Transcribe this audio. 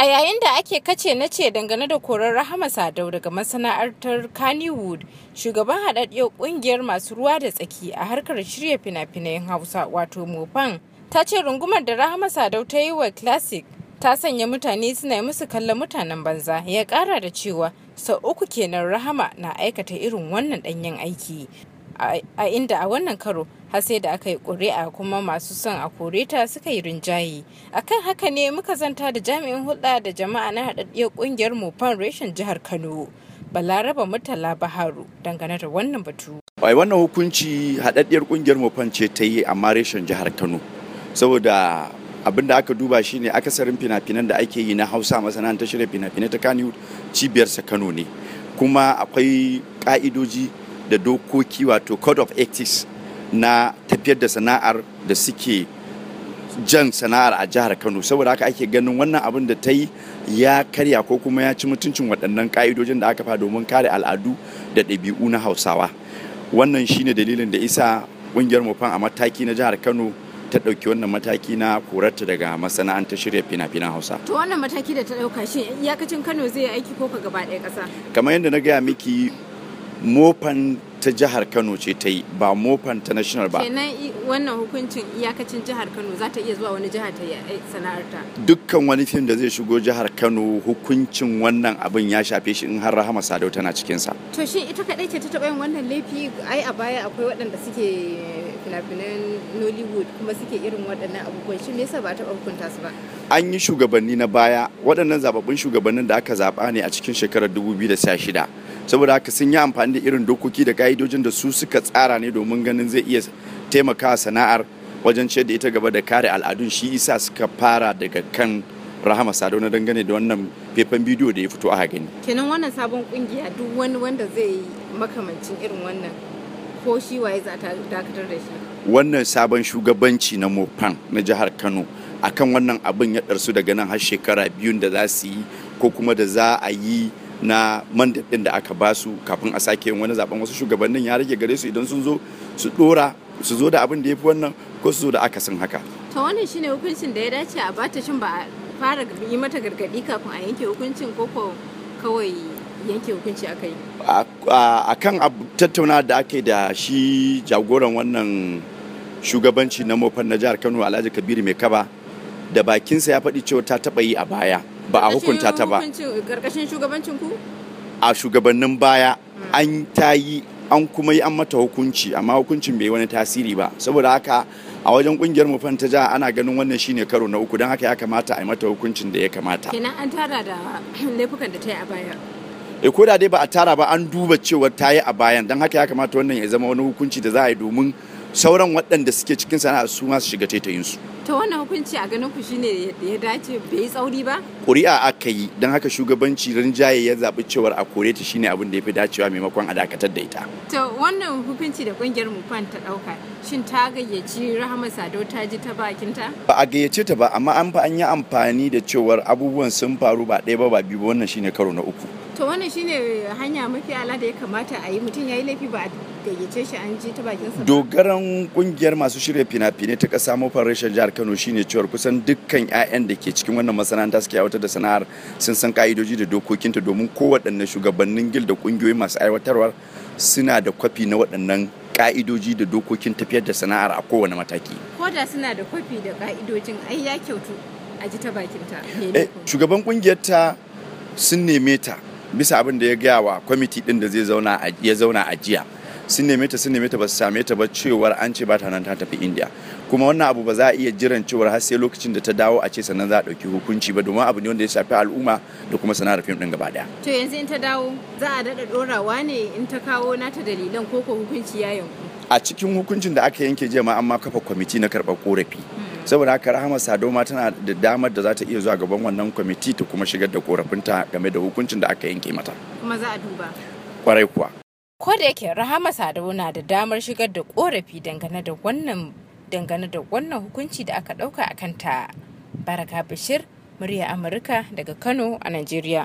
A yayin da ake kace na ce dangane da korar Rahama Sadau daga masana'antar Kannywood, shugaban haɗaɗɗiyar ƙungiyar masu ruwa da tsaki a harkar shirya fina-finayen Hausa wato Mofan, ta ce rungumar da Rahama Sadau ta yi wa Classic ta sanya mutane suna yi musu kallon mutanen banza ya ƙara da cewa sau uku kenan Rahama na aikata irin wannan ɗanyen aiki. a inda a wannan karo har sai da aka yi ƙuri'a kuma masu son a kore ta suka yi rinjaye akan haka ne muka zanta da jami'in hulɗa da jama'a na haɗaɗɗiyar ƙungiyar mufan reshen jihar kano balaraba murtala baharu dangane da wannan batu wai wannan hukunci haɗaɗɗiyar ƙungiyar mufan ce ta yi amma reshen jihar kano saboda abin da aka duba shine akasarin fina-finan da ake yi na hausa masana'antar shirya fina-finai ta kano cibiyarsa kano ne kuma akwai ƙa'idoji da dokoki wato code of ethics na tafiyar da sana'ar da suke jan sana'ar a jihar kano saboda haka ake ganin wannan abin da ta yi ya karya ko kuma ya ci mutuncin waɗannan ƙa'idojin da aka fa domin kare al'adu da ɗabi'u na hausawa wannan shine dalilin da isa ƙungiyar mufan a mataki na jihar kano ta ɗauki wannan mataki na korarta daga masana'anta shirya fina-finan hausa to wannan mataki da ta ɗauka shi iyakacin kano zai aiki ko ka gaba ɗaya ƙasa kamar yadda na gaya miki mofan ta jihar kano ce ta yi ba mofan ta national ba kenan wannan hukuncin iyakacin jihar kano za ta iya zuwa wani jihar ta eh, sana'arta dukkan wani fim da zai shigo jihar kano hukuncin wannan abin ya shafe shi in har rahama sadau tana cikinsa to shi ita kadai ce ta taɓa yin wannan laifi ai a baya akwai waɗanda suke fina-finan nollywood kuma suke irin waɗannan abubuwan shi me yasa ba taɓa hukunta su ba an yi shugabanni na baya waɗannan zababbun shugabannin da aka zaɓa ne a cikin shekarar 2016 saboda haka sun yi amfani da irin dokoki da ka'idojin da su suka tsara ne domin ganin zai iya taimakawa sana'ar wajen ciyar da ita gaba da kare al'adun shi isa suka fara daga kan rahama sado na dangane da wannan faifan bidiyo da ya fito a gani kenan wannan sabon kungiya duk wani wanda zai makamancin irin wannan ko shi waye za ta dakatar da shi wannan sabon shugabanci na mopan na jihar kano akan wannan abin ya ɗarsu daga nan har shekara biyun da za su yi ko kuma da za a yi na mandatin da aka ba su kafin a sake wani zaben wasu shugabannin ya rage gare su idan sun zo su dora su zo da abin da ya fi wannan ko su zo da akasin haka to wannan shine hukuncin da ya dace a bata shin ba fara yi mata gargadi kafin a yanke hukuncin ko kawai yanke hukunci aka yi a kan tattauna da ake da shi jagoran wannan shugabanci na mofan na jihar kano alhaji kabiru mai kaba da bakinsa ya faɗi cewa ta taɓa yi a baya ba a hukunta ta ba karkashin shugabancin ku a shugabannin baya hmm. an ta yi an kuma yi an mata hukunci amma hukuncin bai wani tasiri ba saboda haka a wajen kungiyar mu ta ja ana ganin wannan shine karo na uku don haka ya kamata a yi mata hukuncin da ya kamata kenan an tara da laifukan da ta yi a baya e ko da dai ba a tara ba an duba cewa ta yi a bayan don haka ya kamata wannan ya zama wani hukunci da za a yi domin sauran waɗanda suke cikin sana'a su ma su shiga su. ta wannan hukunci a ganin ku shine ya dace bai yi tsauri ba Kuri'a aka yi don haka shugabanci rinjaye ya zaɓi cewar a kore ta shine abin da ya fi dacewa maimakon a dakatar da ita ta wannan hukunci da ƙungiyar mufan ta ɗauka shin ta gayyaci rahama sadau ta ji ta ta? ba a gayyace ta ba amma an fa an yi amfani da cewar abubuwan sun faru ba ɗaya ba ba biyu ba wannan shine karo na uku to wannan shine hanya mafi ala da ya kamata a yi mutum ya yi laifi ba shi an ji ta bakin sa dogaran kungiyar masu shirya fina-finai ta kasa mafan jihar Kano shine cewar kusan dukkan 'ya'yan da ke cikin wannan masana'anta suke aiwatar da sana'ar sun san ka'idoji da dokokinta domin kowaɗanne shugabannin gil da kungiyoyi masu aiwatarwar suna da kwafi na waɗannan ka'idoji da dokokin tafiyar da sana'ar a kowane mataki ko da suna da kwafi da ka'idojin ai ya kyautu a ji ta bakinta eh, shugaban kungiyar ta sun neme ta bisa abin da ya gaya wa kwamiti din da zai ya zauna a jiya sun neme ta sun neme ta ba su same ta ba cewar an ce ba ta nan ta tafi India kuma wannan abu ba za a iya jiran cewar har sai lokacin da ta dawo a ce sannan za a ɗauki hukunci ba domin abu ne wanda ya shafi al'umma da kuma sana'ar fim din gaba daya to yanzu in ta dawo za a daɗa ɗorawa ne in ta kawo nata dalilan ko ko hukunci ya yanku a cikin hukuncin da aka yanke jiya ma an kafa kwamiti na karɓar korafi saboda haka rahama sado ma tana da damar da za ta iya zuwa gaban wannan kwamiti ta kuma shigar da korafinta game da hukuncin da aka yanke mata kuma za a duba kwarai kuwa ko da yake rahama sadau na da damar shigar da korafi dangane da wannan dangane da wannan hukunci da aka dauka a kanta baraka bashir murya amurka daga kano a nigeria.